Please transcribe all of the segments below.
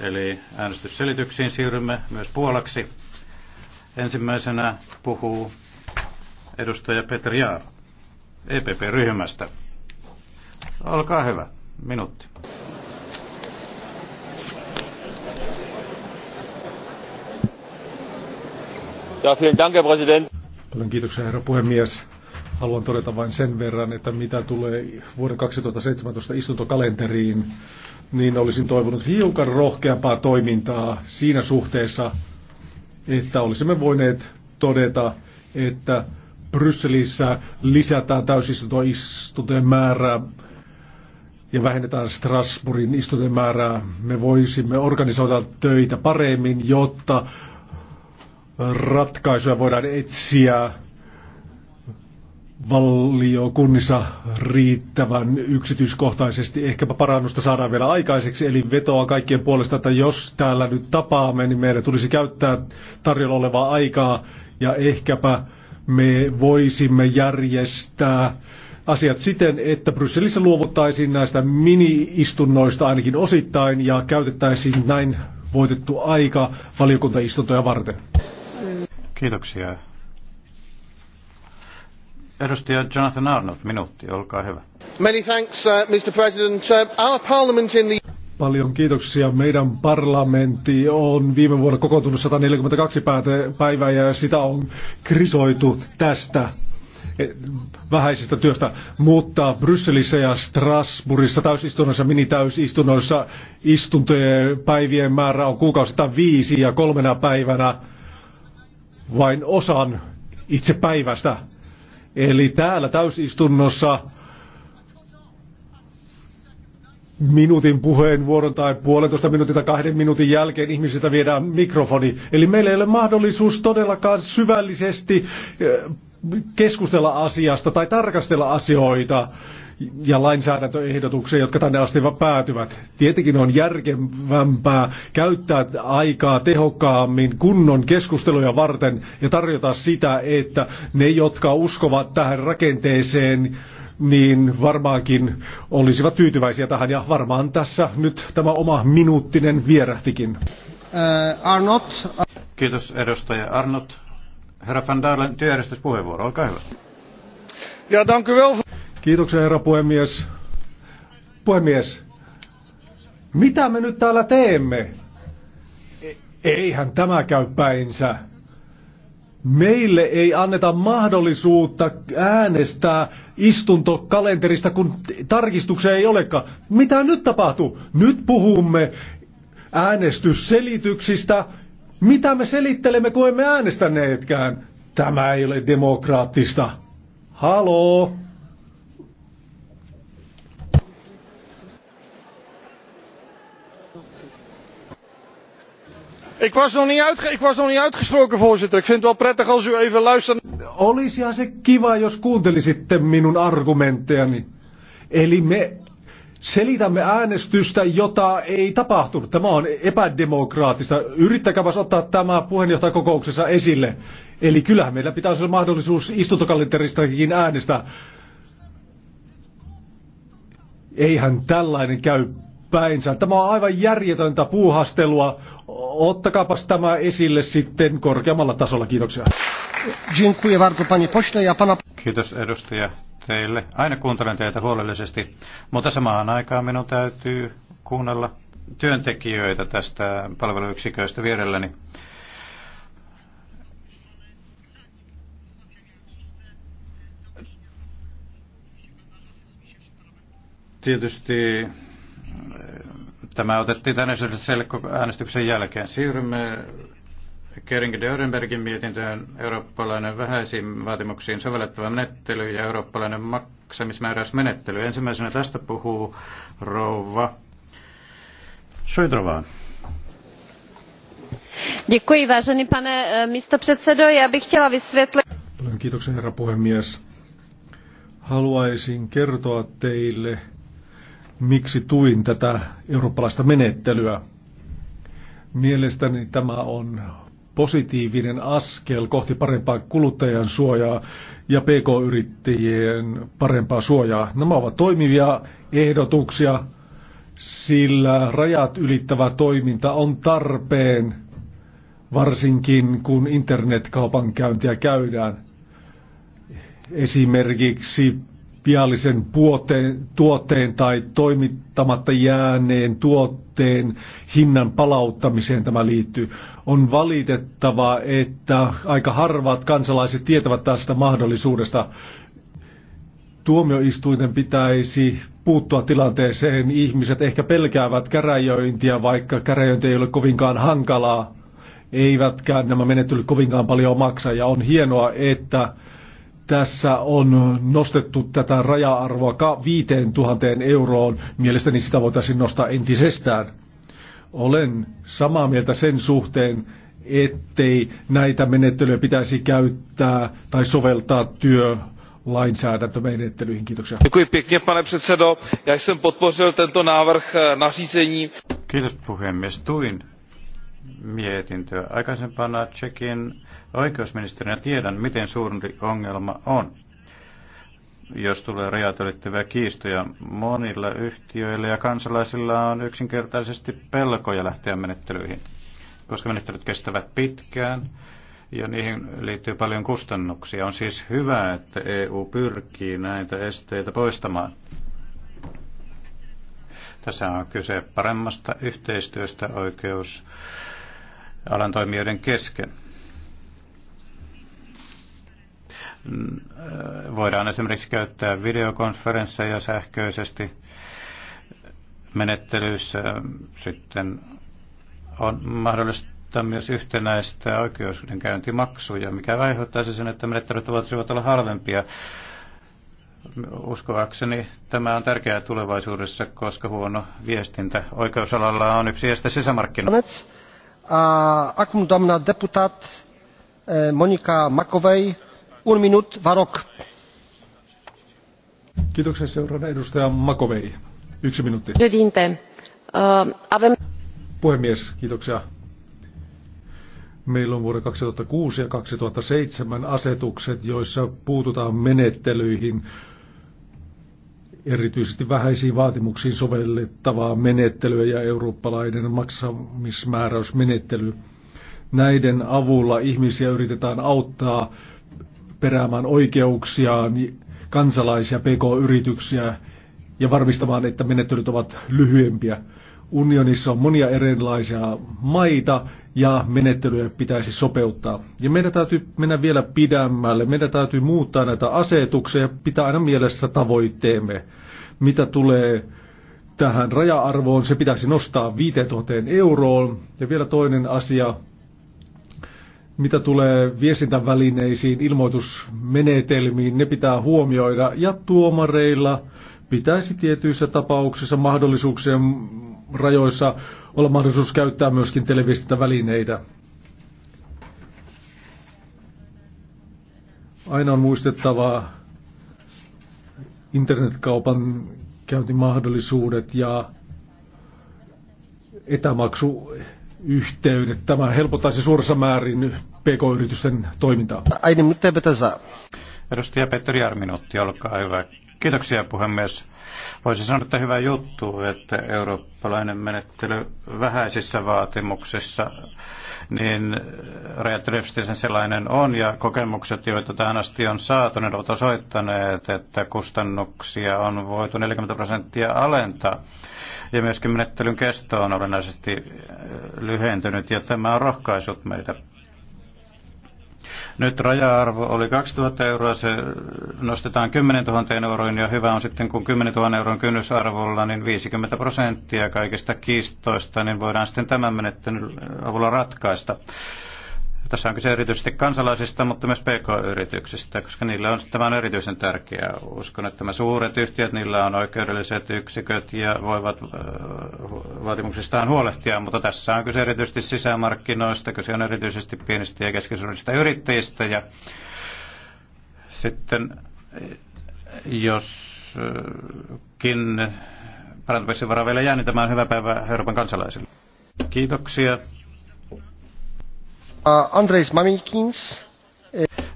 Eli äänestysselityksiin siirrymme myös puolaksi. Ensimmäisenä puhuu edustaja Peter Jaar EPP-ryhmästä. Olkaa hyvä, minuutti. Ja, Paljon kiitoksia, herra puhemies. Haluan todeta vain sen verran, että mitä tulee vuoden 2017 istuntokalenteriin, niin olisin toivonut hiukan rohkeampaa toimintaa siinä suhteessa, että olisimme voineet todeta, että Brysselissä lisätään täysistuntoistuntojen määrää ja vähennetään Strasbourgin istuntojen määrää. Me voisimme organisoida töitä paremmin, jotta ratkaisuja voidaan etsiä valiokunnissa riittävän yksityiskohtaisesti. Ehkäpä parannusta saadaan vielä aikaiseksi, eli vetoa kaikkien puolesta, että jos täällä nyt tapaamme, niin meidän tulisi käyttää tarjolla olevaa aikaa ja ehkäpä me voisimme järjestää asiat siten, että Brysselissä luovuttaisiin näistä mini-istunnoista ainakin osittain ja käytettäisiin näin voitettu aika valiokuntaistuntoja varten. Kiitoksia Edustaja Jonathan Arnold, minuutti, olkaa hyvä. Many thanks, uh, Mr. President. Uh, our parliament in the... Paljon kiitoksia. Meidän parlamentti on viime vuonna kokoontunut 142 päivää ja sitä on krisoitu tästä e, vähäisestä työstä, mutta Brysselissä ja Strasbourgissa täysistunnoissa, minitäysistunnoissa istuntojen päivien määrä on kuukausista viisi ja kolmena päivänä vain osan itse päivästä Eli täällä täysistunnossa minuutin puheenvuoron tai puolentoista minuutin tai kahden minuutin jälkeen ihmisiltä viedään mikrofoni. Eli meillä ei ole mahdollisuus todellakaan syvällisesti eh, keskustella asiasta tai tarkastella asioita ja lainsäädäntöehdotuksia, jotka tänne asti päätyvät. Tietenkin on järkevämpää käyttää aikaa tehokkaammin kunnon keskusteluja varten ja tarjota sitä, että ne, jotka uskovat tähän rakenteeseen, niin varmaankin olisivat tyytyväisiä tähän ja varmaan tässä nyt tämä oma minuuttinen vierähtikin. Uh, Arnott. Kiitos edustaja Arnott. Herra Van Dalen, työjärjestyspuheenvuoro, olkaa hyvä. Ja, dank u wel. Kiitoksia, herra puhemies. Puhemies, mitä me nyt täällä teemme? E, eihän tämä käy päinsä. Meille ei anneta mahdollisuutta äänestää istuntokalenterista, kun tarkistuksia ei olekaan. Mitä nyt tapahtuu? Nyt puhumme äänestysselityksistä. Mitä me selittelemme, kun emme äänestäneetkään? Tämä ei ole demokraattista. Haloo! Ik was, nog niet ik was nog niet uitgesproken, voorzitter. Ik vind het wel prettig als u even luistert. Olisihan se kiva, jos kuuntelisitte minun argumenttejani. Eli me selitämme äänestystä, jota ei tapahtunut. Tämä on epädemokraattista. Yrittäkääpäs ottaa tämä puheenjohtajakokouksessa esille. Eli kyllähän meillä pitäisi olla mahdollisuus istuntokalenteristakin äänestää. Eihän tällainen käy päinsä. Tämä on aivan järjetöntä puuhastelua ottakaapas tämä esille sitten korkeammalla tasolla. Kiitoksia. Kiitos edustaja teille. Aina kuuntelen teitä huolellisesti, mutta samaan aikaan minun täytyy kuunnella työntekijöitä tästä palveluyksiköistä vierelläni. Tietysti Tämä otettiin tänne äänestyksen jälkeen. Siirrymme Kering de Örenbergin mietintöön eurooppalainen vähäisiin vaatimuksiin sovellettava menettely ja eurooppalainen maksamismääräysmenettely. Ensimmäisenä tästä puhuu rouva Šojdrová. Děkuji, vážený pane eh, místopředsedo. Já bych chtěla vysvětlit... Paljon kiitoksia, herra puhemies. Haluaisin kertoa teille miksi tuin tätä eurooppalaista menettelyä. Mielestäni tämä on positiivinen askel kohti parempaa kuluttajan suojaa ja pk-yrittäjien parempaa suojaa. Nämä ovat toimivia ehdotuksia, sillä rajat ylittävä toiminta on tarpeen, varsinkin kun internetkaupankäyntiä käydään. Esimerkiksi viallisen puoteen, tuotteen tai toimittamatta jääneen tuotteen hinnan palauttamiseen tämä liittyy. On valitettavaa, että aika harvat kansalaiset tietävät tästä mahdollisuudesta. Tuomioistuinten pitäisi puuttua tilanteeseen. Ihmiset ehkä pelkäävät käräjöintiä, vaikka käräjöinti ei ole kovinkaan hankalaa. Eivätkään nämä menettelyt kovinkaan paljon maksa. Ja on hienoa, että tässä on nostettu tätä raja-arvoa 5000 euroon. Mielestäni sitä voitaisiin nostaa entisestään. Olen samaa mieltä sen suhteen, ettei näitä menettelyjä pitäisi käyttää tai soveltaa työ lainsäädäntömenettelyihin. Kiitoksia. Děkuji pěkně, pane předsedo. Já jsem podpořil tento návrh eh, nařízení. Kiitos puhemies. Tuin mietintöä. Aikaisempana Tsekin Oikeusministerinä tiedän, miten suuri ongelma on, jos tulee rajat ylittäviä kiistoja. Monilla yhtiöillä ja kansalaisilla on yksinkertaisesti pelkoja lähteä menettelyihin, koska menettelyt kestävät pitkään ja niihin liittyy paljon kustannuksia. On siis hyvä, että EU pyrkii näitä esteitä poistamaan. Tässä on kyse paremmasta yhteistyöstä oikeusalan toimijoiden kesken. Voidaan esimerkiksi käyttää videokonferensseja sähköisesti menettelyissä. Sitten on mahdollista myös yhtenäistä oikeudenkäyntimaksuja, mikä aiheuttaisi sen, että menettelyt voisivat olla halvempia. Uskoakseni tämä on tärkeää tulevaisuudessa, koska huono viestintä oikeusalalla on yksi este Uh, Acum doamna deputat e, Monica Makovei. Un Kiitoksia seuraavana Makovei. Yksi minuutti. Äh, Puhemies, kiitoksia. Meillä on vuoden 2006 ja 2007 asetukset, joissa puututaan menettelyihin, erityisesti vähäisiin vaatimuksiin sovellettavaa menettelyä ja eurooppalainen maksamismääräysmenettely. Näiden avulla ihmisiä yritetään auttaa peräämään oikeuksiaan niin kansalaisia, pk-yrityksiä ja varmistamaan, että menettelyt ovat lyhyempiä. Unionissa on monia erilaisia maita ja menettelyjä pitäisi sopeuttaa. Ja meidän täytyy mennä vielä pidemmälle. Meidän täytyy muuttaa näitä asetuksia ja pitää aina mielessä tavoitteemme. Mitä tulee tähän raja-arvoon, se pitäisi nostaa 5000 euroon. Ja vielä toinen asia, mitä tulee viestintävälineisiin, ilmoitusmenetelmiin, ne pitää huomioida ja tuomareilla pitäisi tietyissä tapauksissa mahdollisuuksien rajoissa olla mahdollisuus käyttää myöskin televiestintävälineitä. Aina on muistettava internetkaupan käyntimahdollisuudet ja etämaksuyhteydet. Tämä helpottaisi suuressa määrin PK-yritysten toimintaa. Edustaja Petteri Arminuutti, olkaa hyvä. Kiitoksia puhemies. Voisi sanoa, että hyvä juttu, että eurooppalainen menettely vähäisissä vaatimuksissa, niin rajatrefstisen sellainen on, ja kokemukset, joita tähän asti on saatu, ne ovat osoittaneet, että kustannuksia on voitu 40 prosenttia alentaa, ja myöskin menettelyn kesto on olennaisesti lyhentynyt, ja tämä on rohkaisut meitä nyt raja-arvo oli 2000 euroa, se nostetaan 10 000 euroon ja hyvä on sitten, kun 10 000 euron kynnysarvolla, niin 50 prosenttia kaikista kiistoista, niin voidaan sitten tämän menettelyn avulla ratkaista. Tässä on kyse erityisesti kansalaisista, mutta myös pk-yrityksistä, koska niillä on, tämä on erityisen tärkeää. Uskon, että nämä suuret yhtiöt, niillä on oikeudelliset yksiköt ja voivat äh, vaatimuksistaan huolehtia, mutta tässä on kyse erityisesti sisämarkkinoista, kyse on erityisesti pienistä ja keskisuurista yrittäjistä ja sitten äh, joskin parantumisen varaa vielä jää, niin tämä on hyvä päivä Euroopan kansalaisille. Kiitoksia. Andrejs Mamikins.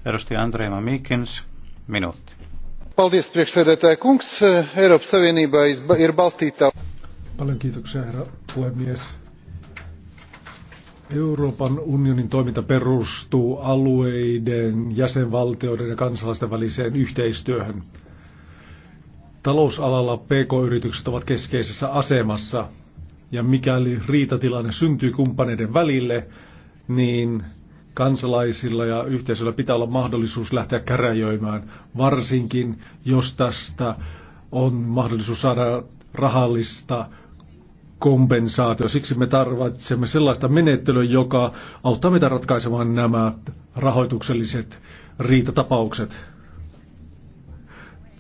Edustaja Andrei Mamikins, minuutti. Paldies priekšsēdētāja kungs. Eiropas Savienībā ir balstītā. Paljon kiitoksia, herra puhemies. Euroopan unionin toiminta perustuu alueiden, jäsenvaltioiden ja kansalaisten väliseen yhteistyöhön. Talousalalla PK-yritykset ovat keskeisessä asemassa, ja mikäli riitatilanne syntyy kumppaneiden välille, niin kansalaisilla ja yhteisöllä pitää olla mahdollisuus lähteä käräjöimään, varsinkin jos tästä on mahdollisuus saada rahallista kompensaatio. Siksi me tarvitsemme sellaista menettelyä, joka auttaa meitä ratkaisemaan nämä rahoitukselliset riitatapaukset.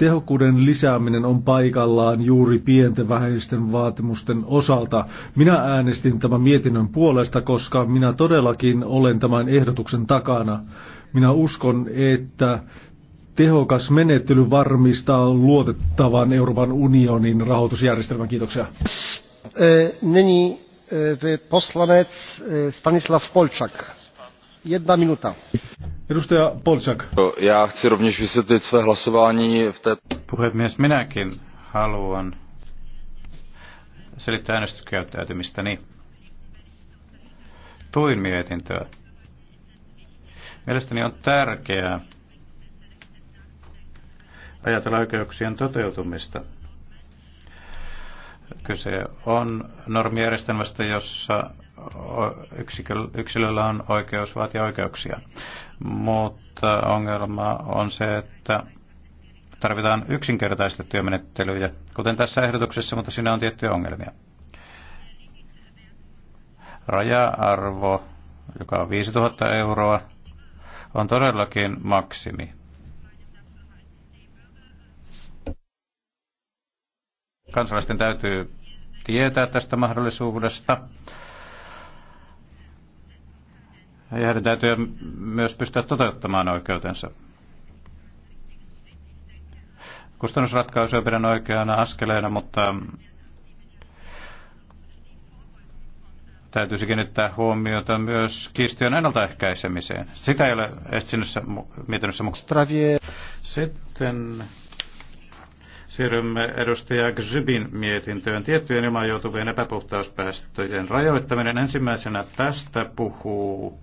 Tehokkuuden lisääminen on paikallaan juuri pienten vähäisten vaatimusten osalta. Minä äänestin tämän mietinnön puolesta, koska minä todellakin olen tämän ehdotuksen takana. Minä uskon, että tehokas menettely varmistaa luotettavan Euroopan unionin rahoitusjärjestelmän. Kiitoksia. E, nyní e, poslanec e, Stanislav Polczak. Jedna minuta. Edustaja Polsak. Ja chci rovněž vysvětlit své hlasování v té... Puhemies, minäkin haluan selittää äänestyskäyttäytymistäni. Niin. Tuin mietintöä. Mielestäni on tärkeää ajatella oikeuksien toteutumista. Kyse on normijärjestelmästä, jossa yksilöllä on oikeus vaatia oikeuksia mutta äh, ongelma on se, että tarvitaan yksinkertaistettuja menettelyjä, kuten tässä ehdotuksessa, mutta siinä on tiettyjä ongelmia. Raja-arvo, joka on 5000 euroa, on todellakin maksimi. Kansalaisten täytyy tietää tästä mahdollisuudesta. Ja heidän täytyy myös pystyä toteuttamaan oikeutensa. Kustannusratkaisuja pidän oikeana askeleena, mutta täytyisi kiinnittää huomiota myös kiistiön ennaltaehkäisemiseen. Sitä ei ole etsinnössä mietinnössä mukana. Sitten siirrymme edustaja Gzybin mietintöön. Tiettyjen ilman joutuvien epäpuhtauspäästöjen rajoittaminen ensimmäisenä tästä puhuu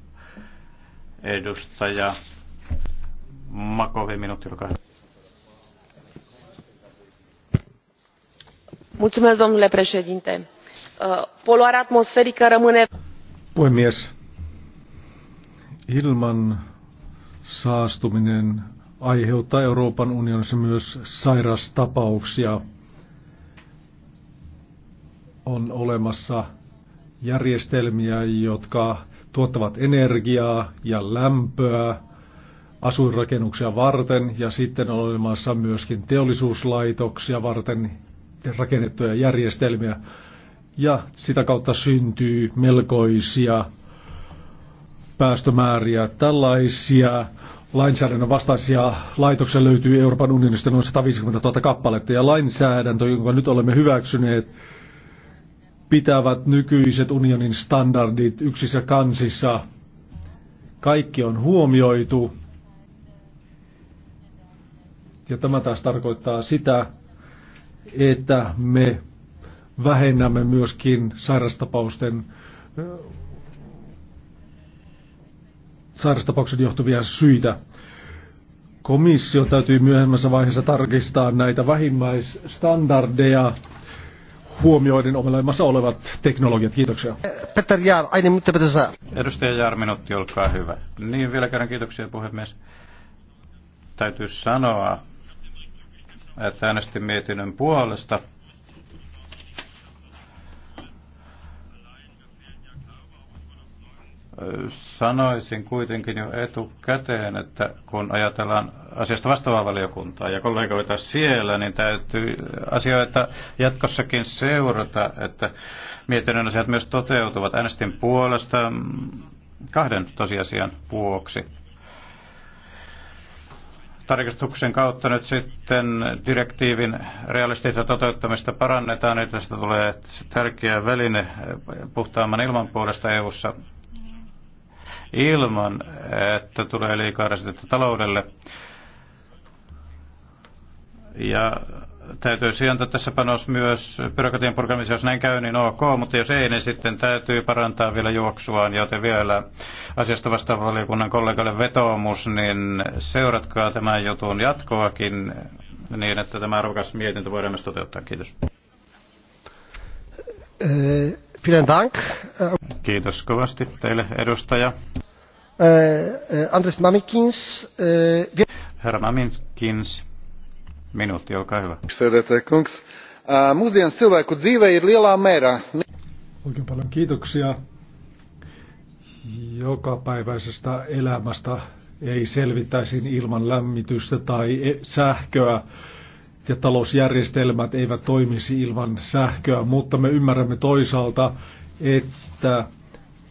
Edustaja Makovi, minuutti, olkaa Mulțumesc, domnule președinte. Uh, poluarea atmosferică rămâne... Puhemies, ilman saastuminen aiheuttaa Euroopan unionissa myös sairastapauksia. On olemassa järjestelmiä, jotka tuottavat energiaa ja lämpöä asuinrakennuksia varten ja sitten on olemassa myöskin teollisuuslaitoksia varten rakennettuja järjestelmiä ja sitä kautta syntyy melkoisia päästömääriä. Tällaisia lainsäädännön vastaisia laitoksia löytyy Euroopan unionista noin 150 000 kappaletta ja lainsäädäntö, jonka nyt olemme hyväksyneet, pitävät nykyiset unionin standardit yksissä kansissa. Kaikki on huomioitu. Ja tämä taas tarkoittaa sitä, että me vähennämme myöskin sairastapausten sairastapauksen johtuvia syitä. Komissio täytyy myöhemmässä vaiheessa tarkistaa näitä vähimmäisstandardeja huomioiden omalaimassa olevat teknologiat. Kiitoksia. Petter Jaar, aina mitä pitäisi Edustaja Jaar, minuutti, olkaa hyvä. Niin, vielä kerran kiitoksia puhemies. Täytyy sanoa, että äänestin mietinnön puolesta. Sanoisin kuitenkin jo etukäteen, että kun ajatellaan asiasta vastaavaa valiokuntaa ja kollegoita siellä, niin täytyy asioita jatkossakin seurata, että mietinnön asiat myös toteutuvat. Äänestin puolesta kahden tosiasian vuoksi tarkistuksen kautta nyt sitten direktiivin realistista toteuttamista parannetaan, että tästä tulee tärkeä väline puhtaamman ilman puolesta EU-ssa ilman, että tulee liikaa rasitetta taloudelle. Ja täytyy antaa tässä panos myös byrokratian purkamiseen, jos näin käy, niin ok, mutta jos ei, niin sitten täytyy parantaa vielä juoksuaan, joten vielä asiasta vastaavan valiokunnan kollegalle vetoomus, niin seuratkaa tämän jutun jatkoakin niin, että tämä arvokas mietintö voidaan myös toteuttaa. Kiitos. Eh, Kiitos kovasti teille, edustaja. Eh, eh, Andres Mamikins. Eh, Herra Mamikins, minuutti, olkaa hyvä. Mūsdien cilvēku dzīve ir lielā mērā. Oikein paljon kiitoksia. Jokapäiväisestä elämästä ei selvittäisi ilman lämmitystä tai e- sähköä ja talousjärjestelmät eivät toimisi ilman sähköä, mutta me ymmärrämme toisaalta, että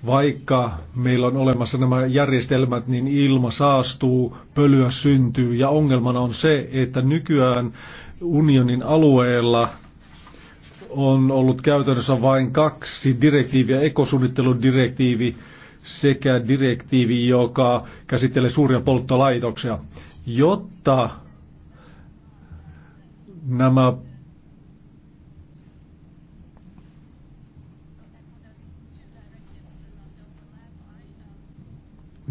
vaikka meillä on olemassa nämä järjestelmät, niin ilma saastuu, pölyä syntyy ja ongelmana on se, että nykyään unionin alueella on ollut käytännössä vain kaksi direktiiviä, ekosuunnitteludirektiivi sekä direktiivi, joka käsittelee suuria polttolaitoksia. Jotta nämä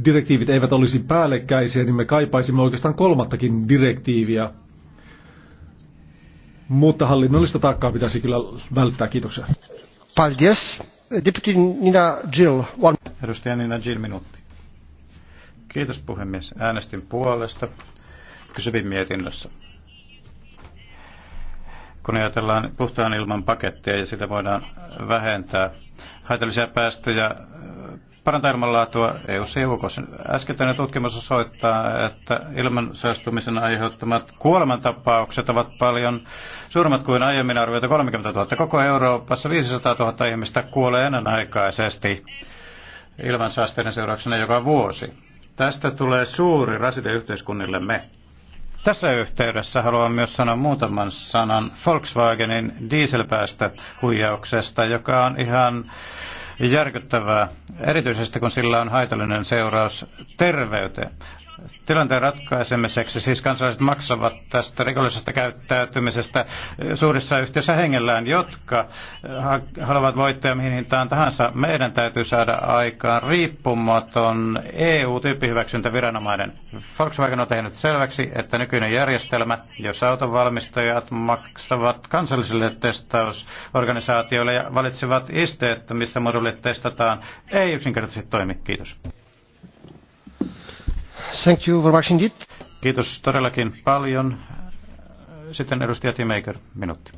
direktiivit eivät olisi päällekkäisiä, niin me kaipaisimme oikeastaan kolmattakin direktiiviä. Mutta hallinnollista taakkaa pitäisi kyllä välttää. Kiitoksia. Paldies. Deputy Nina Jill. One. Edustaja Nina Jill, minuutti. Kiitos puhemies. Äänestin puolesta kysyvin mietinnössä kun ajatellaan puhtaan ilman pakettia ja sitä voidaan vähentää haitallisia päästöjä, äh, parantaa ilmanlaatua EU-ssa ja UKssa. Äskettäinen tutkimus osoittaa, että ilman aiheuttamat kuolemantapaukset ovat paljon suuremmat kuin aiemmin arvioita 30 000. Koko Euroopassa 500 000 ihmistä kuolee ennenaikaisesti ilmansaasteiden seurauksena joka vuosi. Tästä tulee suuri rasite yhteiskunnillemme. Tässä yhteydessä haluan myös sanoa muutaman sanan Volkswagenin dieselpäästä huijauksesta, joka on ihan järkyttävää, erityisesti kun sillä on haitallinen seuraus terveyteen tilanteen ratkaisemiseksi. Siis kansalaiset maksavat tästä rikollisesta käyttäytymisestä suurissa yhteisöissä hengellään, jotka äh, haluavat voittaa mihin hintaan tahansa. Meidän täytyy saada aikaan riippumaton EU-tyyppihyväksyntäviranomainen. Volkswagen on tehnyt selväksi, että nykyinen järjestelmä, jossa autonvalmistajat maksavat kansallisille testausorganisaatioille ja valitsevat isteet, missä modulit testataan, ei yksinkertaisesti toimi. Kiitos. Thank you very much indeed. Kiitos todellakin paljon. Sitten edustaja Timaker, minuutti.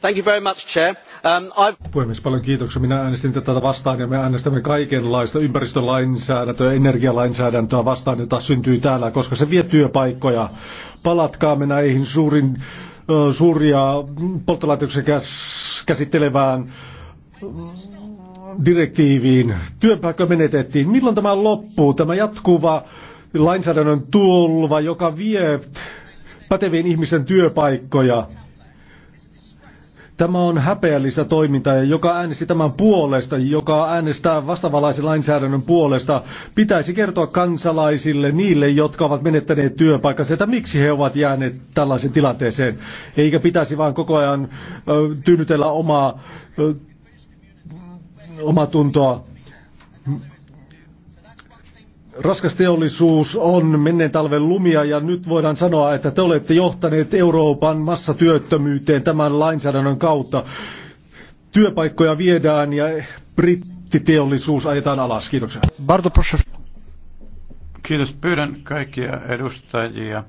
Thank you very much, Chair. Um, I've... Puhemies, paljon kiitoksia. Minä äänestin tätä vastaan ja me äänestämme kaikenlaista ympäristölainsäädäntöä, energialainsäädäntöä vastaan, jota syntyy täällä, koska se vie työpaikkoja. Palatkaamme näihin suurin, suuria polttolaitoksia käsittelevään mm, direktiiviin. Työpaikka menetettiin. Milloin tämä loppuu, tämä jatkuva lainsäädännön tulva, joka vie pätevien ihmisten työpaikkoja. Tämä on häpeällistä toimintaa ja joka äänesti tämän puolesta, joka äänestää vastavalaisen lainsäädännön puolesta, pitäisi kertoa kansalaisille, niille, jotka ovat menettäneet työpaikkansa, että miksi he ovat jääneet tällaisen tilanteeseen. Eikä pitäisi vaan koko ajan ö, tyynytellä omaa, ö, omaa tuntoa. Raskas teollisuus on menneen talven lumia ja nyt voidaan sanoa, että te olette johtaneet Euroopan massatyöttömyyteen tämän lainsäädännön kautta. Työpaikkoja viedään ja brittiteollisuus ajetaan alas. Kiitoksia. Bardo Kiitos. Pyydän kaikkia edustajia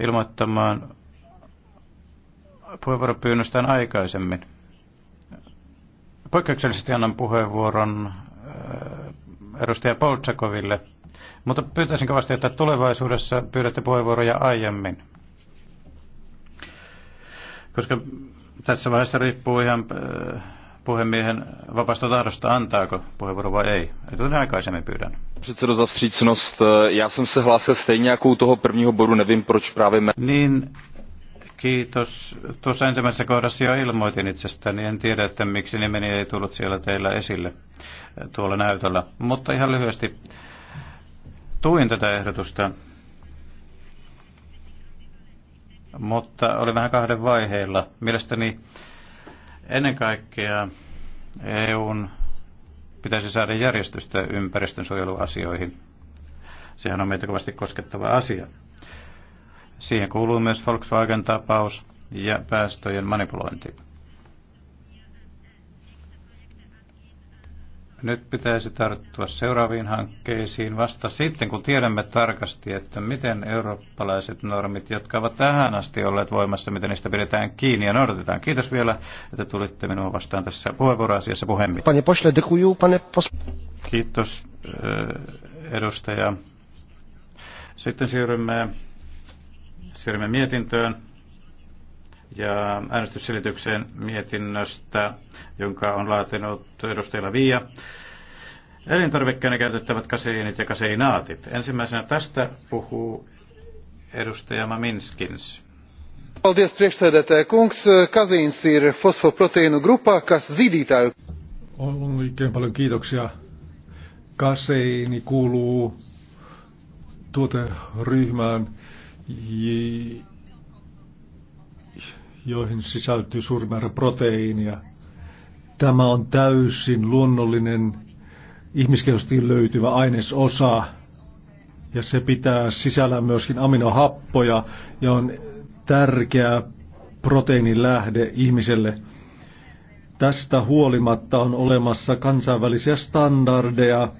ilmoittamaan puheenvuoropyynnöstään aikaisemmin. Poikkeuksellisesti annan puheenvuoron edustaja Poltsakoville, mutta pyytäisin kovasti, että tulevaisuudessa pyydätte puheenvuoroja aiemmin. Koska tässä vaiheessa riippuu ihan äh, puhemiehen vapaasta tahdosta, antaako puheenvuoro vai ei. Etuinen aikaisemmin pyydän. Předsedo za vstřícnost, äh, já jsem se hlásil stejně jako u toho prvního bodu, nevím proč právě... Niin, Kiitos. Tuossa ensimmäisessä kohdassa jo ilmoitin itsestäni. En tiedä, että miksi nimeni ei tullut siellä teillä esille tuolla näytöllä. Mutta ihan lyhyesti tuin tätä ehdotusta, mutta oli vähän kahden vaiheilla. Mielestäni ennen kaikkea EUn pitäisi saada järjestystä ympäristönsuojeluasioihin. Sehän on meitä kovasti koskettava asia. Siihen kuuluu myös Volkswagen-tapaus ja päästöjen manipulointi. Nyt pitäisi tarttua seuraaviin hankkeisiin vasta sitten, kun tiedämme tarkasti, että miten eurooppalaiset normit, jotka ovat tähän asti olleet voimassa, miten niistä pidetään kiinni ja noudatetaan. Kiitos vielä, että tulitte minua vastaan tässä puheenvuoroasiassa puhemies. Kiitos e, edustaja. Sitten siirrymme Siirrymme mietintöön ja äänestysselitykseen mietinnöstä, jonka on laatinut edustajilla Viia. Elintarvikkeena käytettävät kaseiinit ja kaseinaatit. Ensimmäisenä tästä puhuu edustaja Maminskins. Paldies priekšsēdētāja kungs. Kaseins ir fosfoproteīnu grupā, kas zidītāju. On oikein paljon kiitoksia. Kaseini kuuluu tuoteryhmään, joihin sisältyy suuri määrä proteiinia. Tämä on täysin luonnollinen ihmiskehostiin löytyvä ainesosa ja se pitää sisällä myöskin aminohappoja ja on tärkeä proteiinin lähde ihmiselle. Tästä huolimatta on olemassa kansainvälisiä standardeja,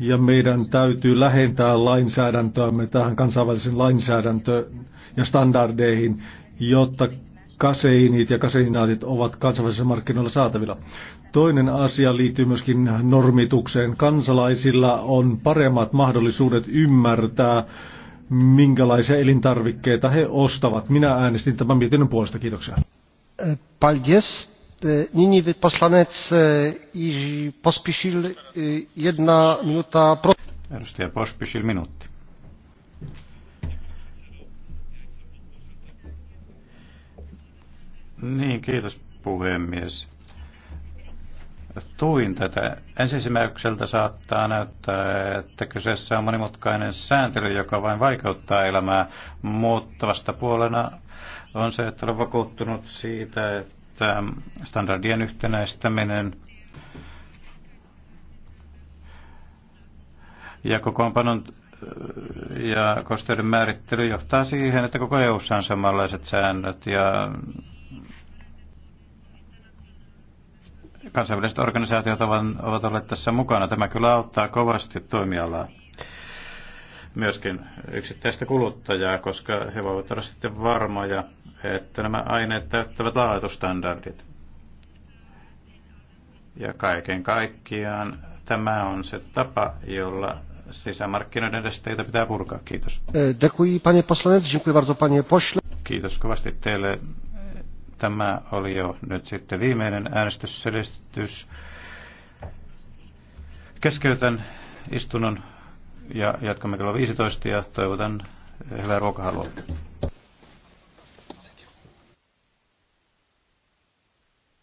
ja meidän täytyy lähentää lainsäädäntöämme tähän kansainvälisen lainsäädäntöön ja standardeihin, jotta kaseinit ja kaseinaatit ovat kansainvälisessä markkinoilla saatavilla. Toinen asia liittyy myöskin normitukseen. Kansalaisilla on paremmat mahdollisuudet ymmärtää, minkälaisia elintarvikkeita he ostavat. Minä äänestin tämän mietinnön puolesta. Kiitoksia. Paldies. E, nyní poslanec e, pospíšil e, jedna minuutta. Edustaja Pospisil minuutti. Niin, kiitos puhemies. Tuin tätä. Ensisimmäykseltä saattaa näyttää, että kyseessä on monimutkainen sääntely, joka vain vaikeuttaa elämää. Muuttavasta puolena on se, että olen vakuuttunut siitä, että että standardien yhtenäistäminen ja kokoonpanon äh, ja kosteuden määrittely johtaa siihen, että koko eu on samanlaiset säännöt ja kansainväliset organisaatiot ovat, ovat olleet tässä mukana. Tämä kyllä auttaa kovasti toimialaa myöskin yksittäistä kuluttajaa, koska he voivat olla sitten varmoja, että nämä aineet täyttävät laatustandardit. Ja kaiken kaikkiaan tämä on se tapa, jolla sisämarkkinoiden esteitä pitää purkaa. Kiitos. Eh, Dekui, panie poslanec, dziękuję bardzo, panie pośle. Kiitos kovasti teille. Tämä oli jo nyt sitten viimeinen äänestysselistys. Keskeytän istunnon ja jatkamme kello 15 ja toivotan hyvää ruokahalua.